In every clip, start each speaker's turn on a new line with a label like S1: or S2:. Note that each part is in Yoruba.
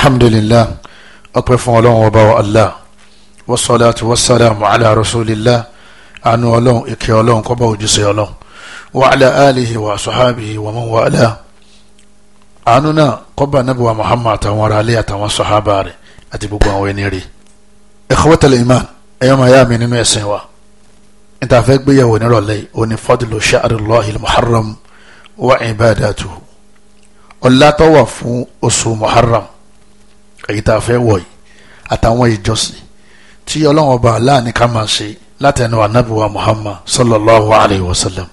S1: alhamdulillah ọpẹ́ fún Ọlọ́run ọba wa allah wasalaatu wasalaamu ala rasulillah anu Ọlọ́run ìkẹ́ Ọlọ́run kọba ojúṣe Ọlọ́run wa ala alihi wa sahabihi wa man wa ala anu náà kọba nabi wa muhammad àtàwọn ará alẹ àtàwọn sahaba rẹ̀ àti gbogbo àwọn ẹni rí ikhwatal iman ẹyọ máa yá nínú ẹsìn wa níta gbéyàwó nírọ̀lẹ́ òní fadlu sha'rillahi muharram wa ibadatuhu ọlá tó fún oṣù muharram èyí tá a fẹ́ wọ̀ yìí àtàwọn ìjọsìn tí ọlọ́run ọba aláàánú ká máa ṣe látẹnu anabi wa muhammad sallallahu alayhi wa sallam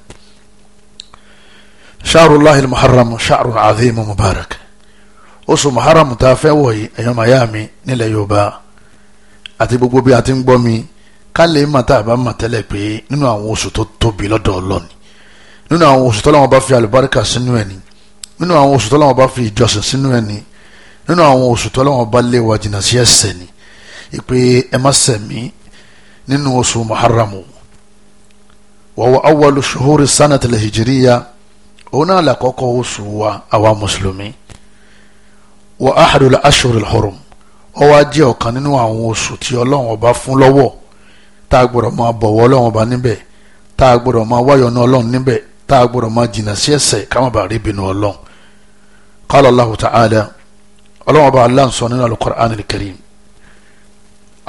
S1: sha'rullahi al-muharram sha'run azim mubarak oṣù muharram tá a fẹ́ wọ̀ yìí ẹ̀yọ́ mayami nílẹ̀ yorùbá àti gbogbo bí a ti ń gbọ́ mi ká lè má tá a bá mà tẹ́lẹ̀ pé nínú àwọn oṣù tó tóbi lọ́dọ̀ ọlọ́ni nínú àwọn oṣù tọ́lọ́wọ́n bá fi àlùbáríkà sínú ẹni nínú àwọn oṣù tọ́lọ́wọ́n bá fi ìjọsìn sínú ẹni nínú àwọn oṣù tó lọ́wọ́ bá lé wa jìnnà sí ẹ̀ṣẹ̀ ni ìpè ẹ má ṣẹ̀mí nínú oṣù muharramu wa huwa awwalu shuhuri sanati al-hijriya òun náà làkọ́kọ́ oṣù wa àwa mùsùlùmí wa ahadul ashhuril hurum ó wá jẹ́ ọ̀kan nínú àwọn oṣù tí ọlọ́run ọba fún lọ́wọ́ tá a gbọ́dọ̀ máa bọ̀wọ̀ ọlọ́run ọba níbẹ̀ tá a gbọ́dọ̀ máa wáyọ̀ ní ọlọ́run níbẹ̀ tá a gbọ́dọ̀ máa jìnnà sí ẹ̀ṣẹ̀ ká má rí ìbínú ọlọ́run qala Allahu ta'ala ọlọ́wọ́n bá aláǹ sọ nínú al-Qur'an al-Karim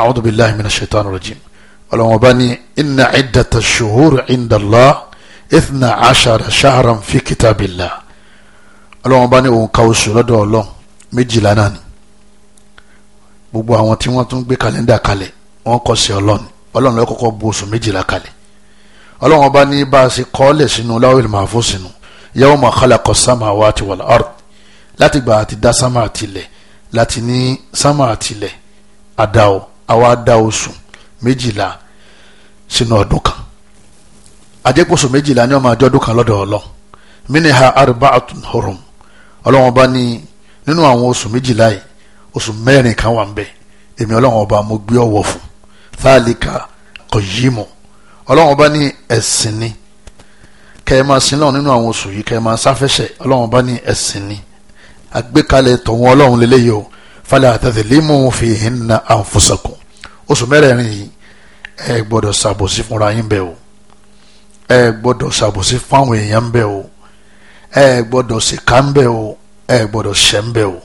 S1: a'udhu billahi minash shaitani rajim ọlọ́wọ́n bá ní inna iddata shuhuri inda Allah ithna ashara shahran fi kitabillah ọlọ́wọ́n bá ní òun ka oṣù lọ́dọ̀ ọlọ́n méjìlá náà ni gbogbo àwọn tí wọ́n tún gbé kàlẹ́ndà kalẹ̀ wọ́n kọ́ sí ọlọ́n ọlọ́n ló kọ́kọ́ bu oṣù méjìlá kalẹ̀ ọlọ́wọ́n bá ní bá a ṣe kọ́ sínú láwìlì màfó sínú yawma khalaqa samawati wal ard láti gbà àti dá sámà àtìlẹ̀ láti ní sámà àtìlẹ̀ àdáwọ̀ àwa dá oṣù méjìlá sínú ọdún kan àjẹpọ̀sù méjìlá ní ọmọ àjọdún kan lọ́dọ̀ ọlọ́ mínìhà arba'atun hurum ọlọ́wọ́n bá ní nínú àwọn oṣù méjìlá yìí oṣù mẹ́rin kan wà ń bẹ èmi ọlọ́wọ́n ọba mo gbé ọ̀wọ̀ fún thalika qayyim ọlọ́wọ́n ọba ní ẹ̀sìn ni kẹ́ ẹ máa sin lọ́wọ́ nínú àwọn oṣù yìí kẹ́ ẹ máa sáfẹ́sẹ̀ ọlọ́wọ́n ọba ní ẹ̀sìn ni àgbékalẹ̀ tọ̀wọ́n ọlọ́run lélẹ́yìí o falẹ̀ àtẹ̀tẹ̀lẹ́mù fi hinna àǹfọ̀sẹ̀kùn oṣù mẹ́rẹ̀ẹ̀rin yìí ẹ gbọ́dọ̀ ṣàbòsí fúnra yín bẹ́ẹ̀ o ẹ gbọ́dọ̀ ṣàbòsí fáwọn èèyàn bẹ́ẹ̀ o ẹ gbọ́dọ̀ ṣìkà bẹ́ẹ̀ o ẹ gbọ́dọ̀ ṣẹ́ bẹ́ẹ̀ o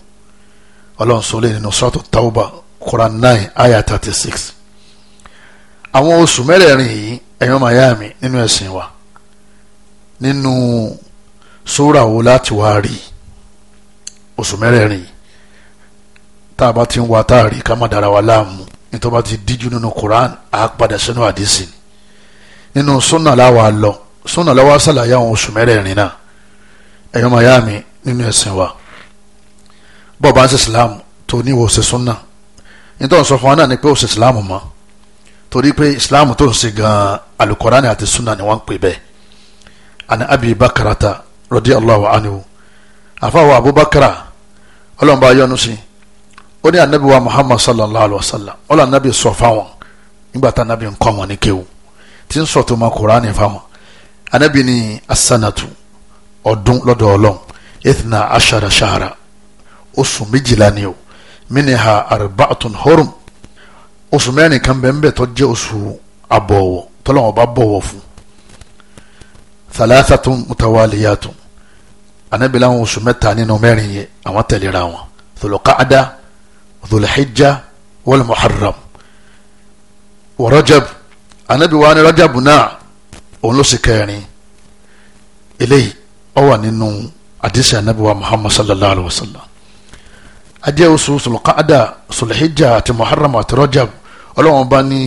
S1: ọlọ́run sọ lé nínú sọ́tò tauba Quran nine ayah thirty six àwọn oṣù mẹ́rẹ̀ẹ̀rin yìí ẹ̀yọ́ mayami nínú ẹ̀sìn wa nínú sóra oṣù mẹ́rẹ̀ẹ̀rin tá a bá ti ń wa tá a rí ká má dara wa láàmú nítorí bá ti díjú nínú Quran á padà sínú àdìsí nínú sunna láwa lọ sunna láwa ṣàlàyé àwọn oṣù mẹ́rẹ̀ẹ̀rin náà ẹ̀yọ́ máa mi nínú ẹ̀sìn wa bọ́ọ̀ bá ń ṣe Islam tó ní ìwọ ṣe sunna nítorí sọ fún wa náà ni pé ó ṣe Islam mọ́ torí pé Islam tó ń ṣe gan-an alukoraani àti sunna ni wọ́n ń pè bẹ́ẹ̀ àni abi bakarata rọ́dí Allahu anhu àfàwọ̀ abubakar ọlọ́mọba yọ́nú sí ó ní anabi wa muhammad sallallahu alayhi wa sallam ọlọ́ anabi sọ fáwọn nígbà tá anabi ń kọ́ wọn ní kéwù tí ń sọ tó ma kuraani fáwọn anabi ní asanatu ọdún lọ́dọ̀ ọlọ́run ethna ashara shahara oṣù méjìlá ni o miniha arbaatun hurum oṣù mẹ́rin kan bẹ́ẹ̀ bẹ́ẹ̀ tó jẹ́ oṣù abọ̀wọ̀ tọ́lọ́wọ́n bá bọ̀wọ̀ fún thalathatun mutawaliyatun anabi láwọn oṣù mẹ́ta nínú mẹ́rin yẹn àwọn tẹ̀léra wọn Dhul-Qa'da Dhul-Hijja wal-Muharram wa Rajab anabi wa ni Rajab náà òun ló sì kẹrin eléyìí ó wà nínú àdìsí anabi wa Muhammad sallallahu alayhi wa sallam ajẹ́ oṣù Dhul-Qa'da Dhul-Hijja àti Muharram àti Rajab ọlọ́wọ́n bá ní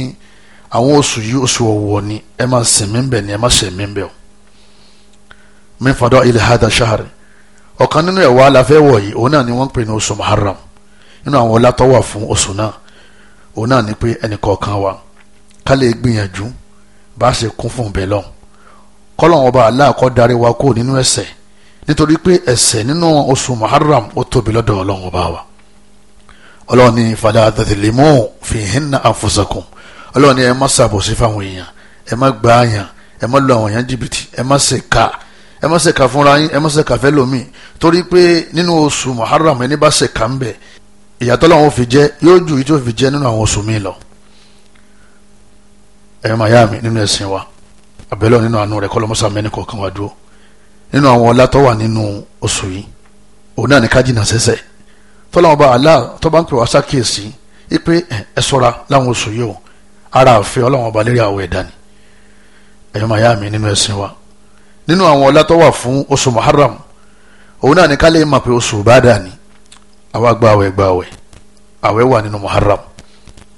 S1: àwọn oṣù yìí oṣù ọ̀wọ̀ ni ẹ máa sìn mí bẹ̀ ni ẹ máa sìn mí bẹ̀ o min fada'il hadha shahri ọ̀kan nínú ẹ̀wọ́ aláfẹ́wọ̀ yìí òun náà ni wọ́n ń pè ní oṣù muharram nínú àwọn ọlá fún oṣù náà òun náà ni pé ẹnìkọ̀ọ̀kan wa ká lè gbìyànjú bá a ṣe kún fún bẹ́ẹ̀ lọ kọ́lọ́wọ́n ọba Allah kó darí wa kó nínú ẹ̀ṣẹ̀ nítorí pé ẹ̀ṣẹ̀ nínú oṣù muharram ó tóbi lọ́dọ̀ ọlọ́wọ́n ọba wa ọlọ́wọ́n ni fala tadhlimu fihinna ẹ má ṣe kà fúnra yín ẹ má ṣe kà fẹ́ lómi torí pé nínú oṣù muharram ẹni bá ṣe kà ń bẹ̀ ìyàtọ̀ làwọn fi jẹ́ yóò ju ìtò fi jẹ́ nínú àwọn oṣù mi lọ. ẹ máa yá mi nínú ẹ̀sìn wa àbẹ̀lẹ̀ nínú àánú rẹ̀ kọ́lọ́mọ́sá mẹ́ni kọ̀ọ̀kan wá dúró nínú àwọn ọlá tó wà nínú oṣù yìí òun náà ní ká jìnnà tọ́láwọn bá Allah tó bá ń pè wá sákèésí ipe ẹ sọ́ra láwọn oṣù yìí o ara àfẹ́ ọlọ́wọ́n ọba lérí àwọ̀ ẹ̀dá ni ẹ̀yọ́ màyá mi nínú ẹ̀sìn wa nínú àwọn ọlá tó wà fún oṣù muharram òun náà ní kálí mọ̀ pé oṣù ìbádà ni àwa gba àwẹ̀ gba àwẹ̀ àwẹ̀ wà nínú muharram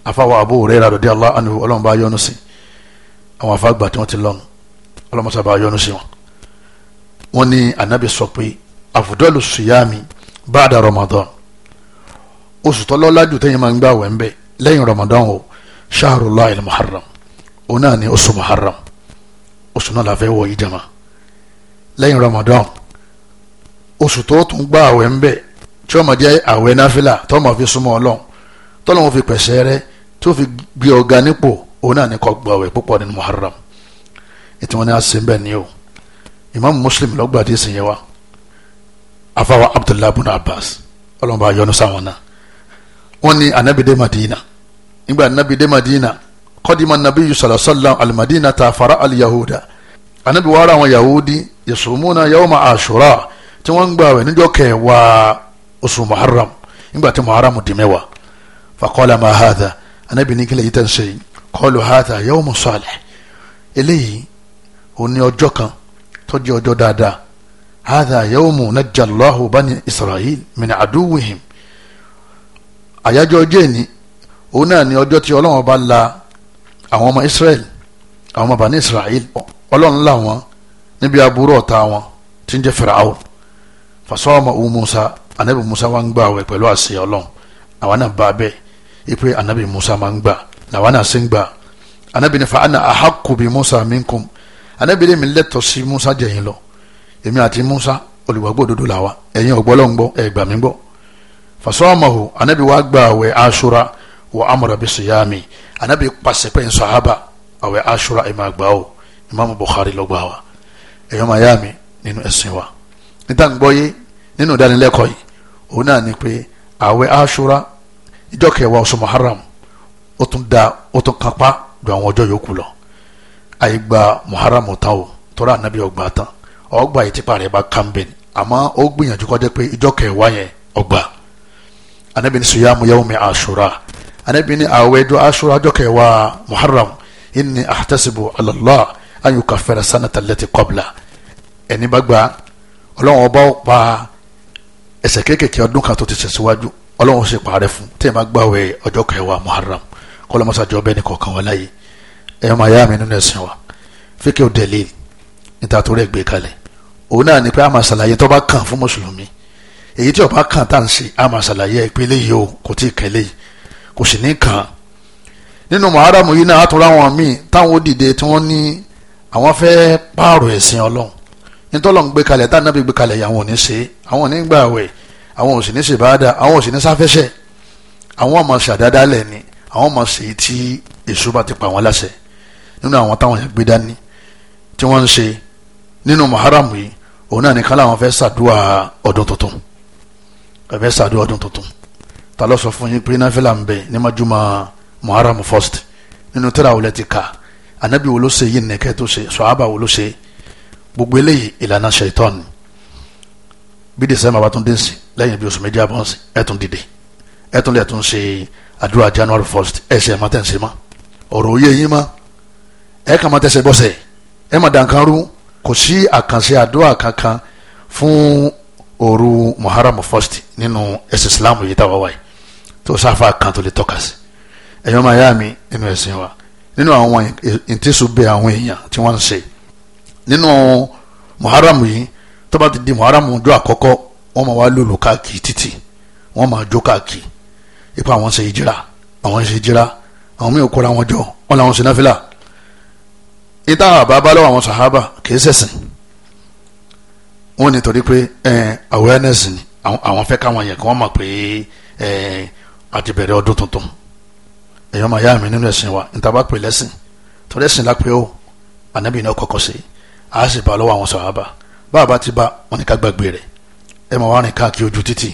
S1: àfàwọ̀ Abu Hurairah radiyallahu anu ọlọ́run bá yọ́nú sí àwọn àfàgbà tí wọ́n ti lọ́nu ọlọ́run sábà yọ́nú sí wọn. wọ́n ní anabi sọ pé afdalu siyami ba'da ramadan oṣù tọ́lọ́lá jù tẹ́yìn máa ń gbà wẹ̀ ń bẹ̀ lẹ́yìn ramadan o shahrullahi al-muharram òun náà ní oṣù muharram oṣù náà la wọ̀ yìí jama lẹ́yìn Ramadan oṣù tó tún gba àwẹ̀ ń bẹ̀ tí ó máa jẹ́ àwẹ̀ náfìlà tó máa fi súnmọ́ ọlọ́run tọ́lọ́run fi pẹ̀sẹ̀ rẹ tí ó fi gbé ọ̀gá nípò òun náà ní kó gba àwẹ̀ púpọ̀ nínú Muharram ètò wọn ni a sè ń bẹ̀ ní o Imam Muslim lọ́gbàdì sìn yẹn wa afawa Abdullahi bin Abbas ọlọ́run bá yọ́nú sáwọn náà wọ́n ní anabi Madina nígbà anabide Madina kọ́dìmọ̀ nabi yusuf alayhi salam alimadina ta fara aliyahuda anabi yahudi yasumuna yawma ashura tí wọ́n ń gbààwẹ̀ níjọ́ kẹwàá oṣù muharram nígbà tí muharram di mẹ́wàá faqala ma hadha anabi ní kílẹ̀ yìí tẹ̀ ń sẹ́yìn qalu hadha yawmu salih eléyìí ò ní ọjọ́ kan tó jẹ́ ọjọ́ dáadáa hadha yawmu najjallahu bani israel min aduwihim àyájọ́ ọjọ́ ìní náà ni ọjọ́ tí ọlọ́run bá la àwọn ọmọ israel àwọn ọmọ bani israel ọlọ́run la níbi aburú ọ̀tá wọn tí ń jẹ́ Fáráò fasọ́ọ̀mà òun Musa anabi Musa wa ń gbà wẹ̀ pẹ̀lú àṣẹ ọlọ́run àwa náà bá bẹ́ẹ̀ ipe anabi Musa máa ń gbà làwa náà sì ń gbà anabi ní fa ana ahaqqu bi Musa minkum anabi ní mi sí Musa jẹ̀yìn lọ èmi àti Musa olùwàgbọ́ òdodo làwa ẹ̀yin ọ̀gbọ́lọ́n gbọ́ ẹ̀ gbà mí gbọ́ fasọ́ọ̀mà o anabi wa gbà wẹ̀ Ashura wa amara bi siyami anabi pàṣẹ pẹ́yìn sahaba àwẹ̀ Ashura ẹ̀ máa gbà o Imam Bukhari ló gbà wa ẹ̀yọ́ máa yá mi nínú ẹ̀sìn wa níta ń gbọ́ yé nínú ìdánilẹ́kọ̀ọ́ yìí òun náà ni pé ààwẹ̀ aṣura ìjọ kẹwàá oṣù muharram ó tún da ó tún kápá ju àwọn ọjọ́ yòókù lọ àìgbà muharram tán o tọ́lá ànábì ọgbà tán ọgbà yìí tipa rẹ̀ bá kàmbìn àmọ́ ó gbìyànjú kọjá pé ìjọ kẹwàá yẹn ọgbà ànábì ní suyamu yawmi aṣura ànábì ní ààwẹ̀ ọjọ́ aṣura ọjọ́ kẹwàá muharram inni ahtasibu ala ayò kàfẹ́rẹ́ sanata lẹ́tì kọ́bla ẹni bá gba ọlọ́run ọba ó pa ẹsẹ̀ kéékèèké ọdún kan tó ti ṣẹ̀ síwájú ọlọ́run ó sì parẹ́ fún tí ẹ máa gbàwẹ̀ ọjọ́ kẹwàá muharram kọ́lọ́mọ́sájọ́ bẹ́ẹ̀ ni kọ̀ọ̀kan wọ́n láyé ẹ̀ máa yá mi nínú ẹ̀sìn wa fíkẹ́ ò dẹ̀lé níta torí ẹ̀ gbé kalẹ̀ òun ni pé a máa ṣàlàyé tó bá kàn fún mùsùlùmí èyí tí ó bá tá à ṣe a máa ṣàlàyé ẹ̀ o kò tí ì kẹ́lé yìí kò sì ní kàn án nínú muharram yìí náà àtúrà wọn míì táwọn ó dìde tí wọ́n ní àwọn fẹ́ pààrọ̀ ẹ̀sìn ọlọ́run nítọ́lọ́ ń gbé kalẹ̀ tá ànábì gbé kalẹ̀ àwọn ò ní ṣe àwọn ò ní gbà wẹ̀ àwọn ò sì ní ṣèbáadà àwọn ò sì ní sáfẹ́ṣẹ̀ àwọn ọmọ ṣàdáadáa lẹ̀ ni àwọn ọmọ ṣe tí èṣù bá ti pa wọn láṣẹ nínú àwọn táwọn yẹn gbé dání tí wọ́n ń ṣe nínú muharam yìí òun náà nìkan làwọn fẹ́ ṣàdúrà ọdún tuntun ẹ̀fẹ́ ṣàdúrà ọdún tuntun ta ló sọ fún yín pé náfẹ́lá ń bẹ ní májúmọ́ muharam first nínú tẹ́lá òun ti kà anabi wo ló ṣe yìí nìkẹ́ tó ṣe sọ̀hábà wo ló ṣe gbogbo eléyìí ìlànà ṣètọ́n ni bí dẹ̀sẹ̀mbà bá tún dé sí lẹ́yìn bí oṣù méjì àbọ̀ sí ẹ̀ tún dìde ẹ̀ tún lẹ̀ tún january first ẹ̀ ṣe ẹ̀ máa tẹ̀sí ma ọ̀rọ̀ òye yín ma ẹ̀ kà máa tẹ̀sẹ̀ bọ́sẹ̀ ẹ̀ máa kò sí àkànṣe àdúrà kankan fún òru muharram first nínú ẹ̀sìn islam yìí táwa wáyé tó sáfà kan tó lè tọ́ka sí ẹ̀yọ́ máa yá mi nínú ẹ̀sìn wa nínú àwọn ìtẹ́sùbẹ̀ àwọn èèyàn tí wọ́n ń ṣe nínú muharam yìí tó bá ti di muharam ọjọ́ àkọ́kọ́ wọ́n máa wá lòlò káàkiri títì wọ́n máa jó káàkiri ipa àwọn ṣe ìjìra àwọn ṣe ìjìra àwọn mí ò kóra wọn jọ wọn làwọn ṣe náfìlà ìta àbá bá lọ́wọ́ àwọn sàhábà kìí ṣẹ̀sìn wọ́n ní torí pé awareness ni àwọn fẹ́ káwọn yẹn kí wọ́n mọ̀ pé àti bẹ̀rẹ̀ ọdún tuntun ẹ̀yọ́ máa yá mi nínú ẹ̀sìn wa níta bá pè lẹ́sìn torí ẹ̀sìn lápẹ́ o ànábì náà kọ́kọ́ sí a sì bá lọ́wọ́ àwọn sàhábà bá a bá ti bá wọn ní ká gbàgbé rẹ̀ ẹ máa wá rìn káàkiri ojú títì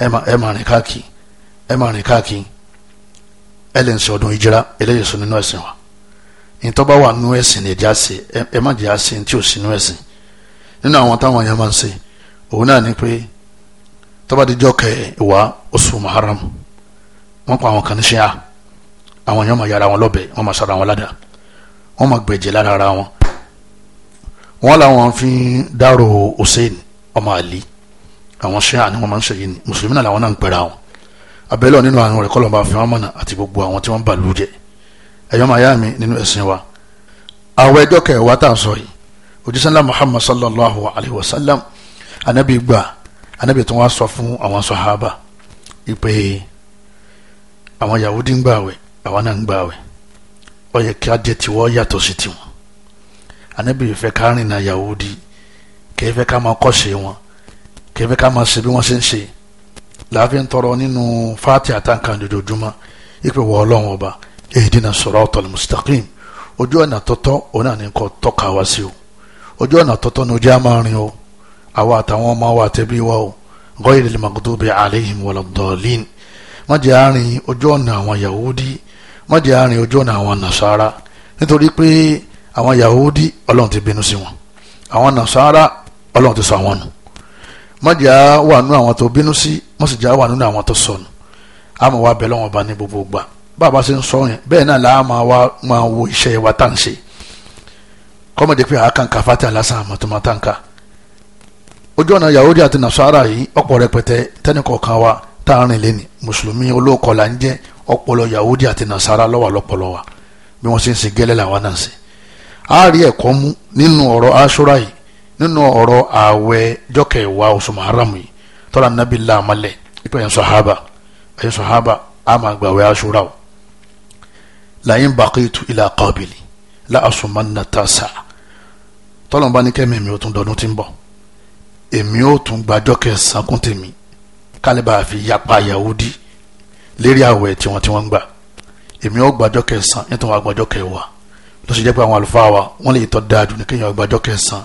S1: ẹ máa rìn káàkiri ẹ máa rìn káàkiri ẹ lè ń sọ ọdún ìjìrá eléyìí sọ nínú ẹ̀sìn wa nítorí bá wà nínú ẹ̀sìn ní ìjà sí ẹ má jẹ́ àṣẹ tí ò sí nínú ẹ̀sìn nínú àwọn táwọn yẹn máa ń ṣe òun náà ni pé tọ́ba kẹ ìwà oṣù muharram wọ́n pa àwọn kan ní ṣíà àwọn èèyàn máa yára wọn lọ́bẹ̀ wọ́n máa sara wọn ládàá wọ́n máa gbẹ̀jẹ̀ lára ara wọn wọ́n làwọn fi dárò Hussein ọmọ àlì àwọn ṣẹ́yà ni wọ́n máa ń ṣèyí ni mùsùlùmí náà làwọn náà ń pẹ̀ra wọn abẹ́lẹ́ nínú àwọn rẹ̀ kọ́lọ́ba fi wọ́n mọ̀nà àti gbogbo àwọn tí wọ́n bà lù jẹ́ ẹ̀yọ́ máa yá mi nínú ẹ̀sìn wa àwọn ẹjọ́ kẹwàá tá sọ yìí òjíṣẹ́ ńlá Muhammad sallallahu alayhi wa sallam anabi gbà anabi tí wọ́n sọ fún àwọn sọ̀hábà ìpè àwọn Yahudi ń gbà wẹ̀ àwa náà ń ka ó ti kí ajẹ́ tiwọ́ yàtọ̀ sí tiwọn ife ìfẹ́ ká rìn na Yahudi ka fẹ́ ka ma kọ́ṣe wọn kìí fẹ́ ká máa ṣe bí wọ́n ṣe ń ṣe láàfin tọrọ fati àtàǹkan dojoojúmọ́ ọba mustaqim ojú ọ̀nà tọ́tọ́ òun tọ́ka wá sí o ojú ọ̀nà tọ́tọ́ ojú o àwa àtàwọn ọmọ wa àtẹ́bí wa o ghayril maghdubi alayhim walad-dallin má jẹ́ àárín ojú ọ̀nà àwọn má jẹ́ àárín ojú ọ̀nà àwọn nàṣàrà nítorí pé àwọn yahudi ọlọ́run ti bínú sí wọn àwọn nàṣàrà ọlọ́run ti sọ àwọn nù má jẹ́ wà nínú àwọn tó bínú sí má wà nínú àwọn tó sọnù àmọ́ wa bẹ̀ lọ́wọ́n ba ní gbogbo gbà bàbá ṣe ń sọ yẹn bẹ́ẹ̀ náà làá máa wá máa wo iṣẹ́ wa tá à ń ṣe kọ́mọ̀dé pé àákànká fata lásán àmọ́tòmọ́tàǹkà ojú ọ̀nà yahudi àti nàṣàrà yìí ọ̀pọ̀ rẹpẹtẹ tẹ́nìkọ̀ọ̀kan wa táàrin lẹ́ni mùsùlùmí olóòkọ là ń jẹ́ ọpọlọ yahudi àti nasara lọ́wọ́ lọ́pọlọ wa bí wọ́n ṣe ń ṣe gẹ́lẹ́ làwọn náà ṣe. a rí ẹ̀kọ́ mú nínú ọ̀rọ̀ aṣọra yìí nínú ọ̀rọ̀ ààwẹ̀ jọ́kẹ̀wá oṣù maharam yìí tọ́lá nàbí làmàlẹ̀ ipò ẹ̀yìn sọ̀hábà ẹ̀yìn sọ̀hábà a máa gbàwẹ̀ aṣọra o. làyín bàkìtù ilà kọ́bìlì láàsùnmọ́nà tàṣà mi kálíbà fi yapa yahudi lérí àwẹ̀ tiwọn tí wọ́n ń gbà èmi ó gbàjọ́ kẹsàn-án nítorí wọn àgbàjọ́ kẹwàá ló sì jẹ́ pé àwọn àlùfáà wa wọ́n lè tọ́ dáa jù ní kéèyàn gbàjọ́ kẹsàn-án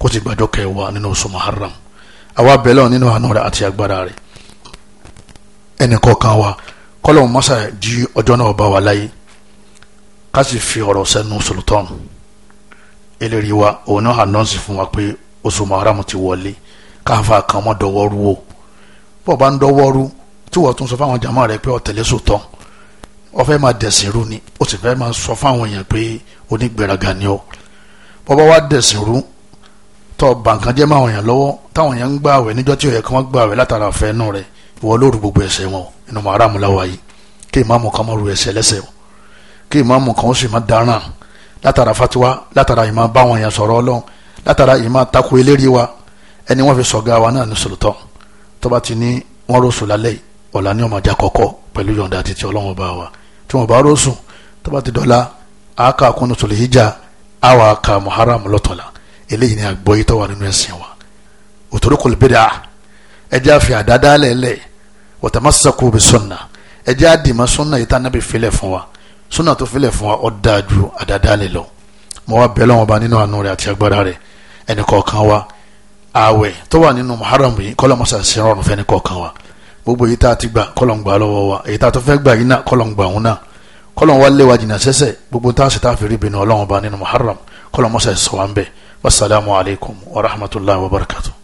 S1: kó ti gbàjọ́ kẹwàá nínú oṣù muharram àwa bẹ̀lẹ̀ nínú àánú rẹ̀ àti agbára rẹ̀ ẹnì kọ̀ọ̀kan wa kọ́lọ́mù mọ́sà jí ọjọ́ náà bá wa láyé ká sì fi ọ̀rọ̀ sẹ́nu sultan eléri wa òun náà ànọ́ǹsì fún wa pé oṣù muharram ti wọlé káfa kan mọ́ dọwọ́ rú bọ́ọ̀ bá ń dọ́wọ́ rú tí wọ́n tún sọ fáwọn jàmọ́ rẹ pé ọ̀tẹ̀lẹ́ sòtọ́ wọ́n fẹ́ máa dẹ̀sìn rú ni ó sì fẹ́ máa sọ fáwọn èèyàn pé onígbèraga ni ọ bọ́ọ̀ wá dẹ̀sìn rú tọ́ bàǹkan jẹ́ máwọn èèyàn lọ́wọ́ táwọn èèyàn ń gbà wẹ̀ níjọ́ tí ó yẹ kí wọ́n gbà wẹ̀ látara ọ̀fẹ́ inú rẹ̀ ìwọ lóru gbogbo ẹ̀ṣẹ̀ wọn inú màrámù láwa yìí kí ìmáàmù kan má ru ẹ̀ṣẹ̀ lẹ́sẹ̀ kí ìmáàmù kan ó sì má dáràn látara fatiwa látara ìmá báwọn èèyàn sọ̀rọ̀ ọlọ́run látara ìmá takò eléré ẹni wọ́n fi sọ̀gá wa náà ní sòlótọ́ tọ́ba ti ní wọ́n rọ̀sùn lálẹ́ ọ̀la ní ọmọ ajá kọ́kọ́ pẹ̀lú yọ̀ǹda àti ti ọlọ́run bá wa tí wọ́n bá rọ̀sùn tọ́ba ti dọ́la àáka kunu tòlè hijja àwa àka muharram lọ́tọ̀la eléyìí ni àgbọ̀yé tọ́wà nínú ẹ̀sìn wa òtòrò kò lè bèrè à ẹjẹ́ àfi àdáda lẹ́lẹ̀ wọ́tàmásàkó bi sunna ẹjẹ́ àdìmọ́ sunna yìí tá a nábì fún wa sunna tó filẹ̀ fún wa ó dáa ju àdáda lẹ́ lọ mo wá bẹ́ẹ̀ lọ́wọ́ bá nínú àánú rẹ̀ àti agbára rẹ̀ ẹnì kọ̀ọ̀kan wa ààwẹ̀ tó wà nínú muharram yìí kọ́lọ́ mọ́sá sí rọrùn fẹ́ni kọ̀ọ̀kan wa gbogbo èyí tá a ti gbà kọ́lọ́ ń gbà lọ́wọ́ wa èyí tá a tó fẹ́ gbà yìí náà kọ́lọ́ ń gbà òun náà kọ́lọ́ wa lé wa jìnnà sẹ́sẹ̀ gbogbo tá a sì tá a fi rí ibìnú ọlọ́run ba nínú muharram kọ́lọ́ mọ́sá sọ wa ń bẹ̀ wasalaamualeykum wa rahmatulahi wa barakatuh.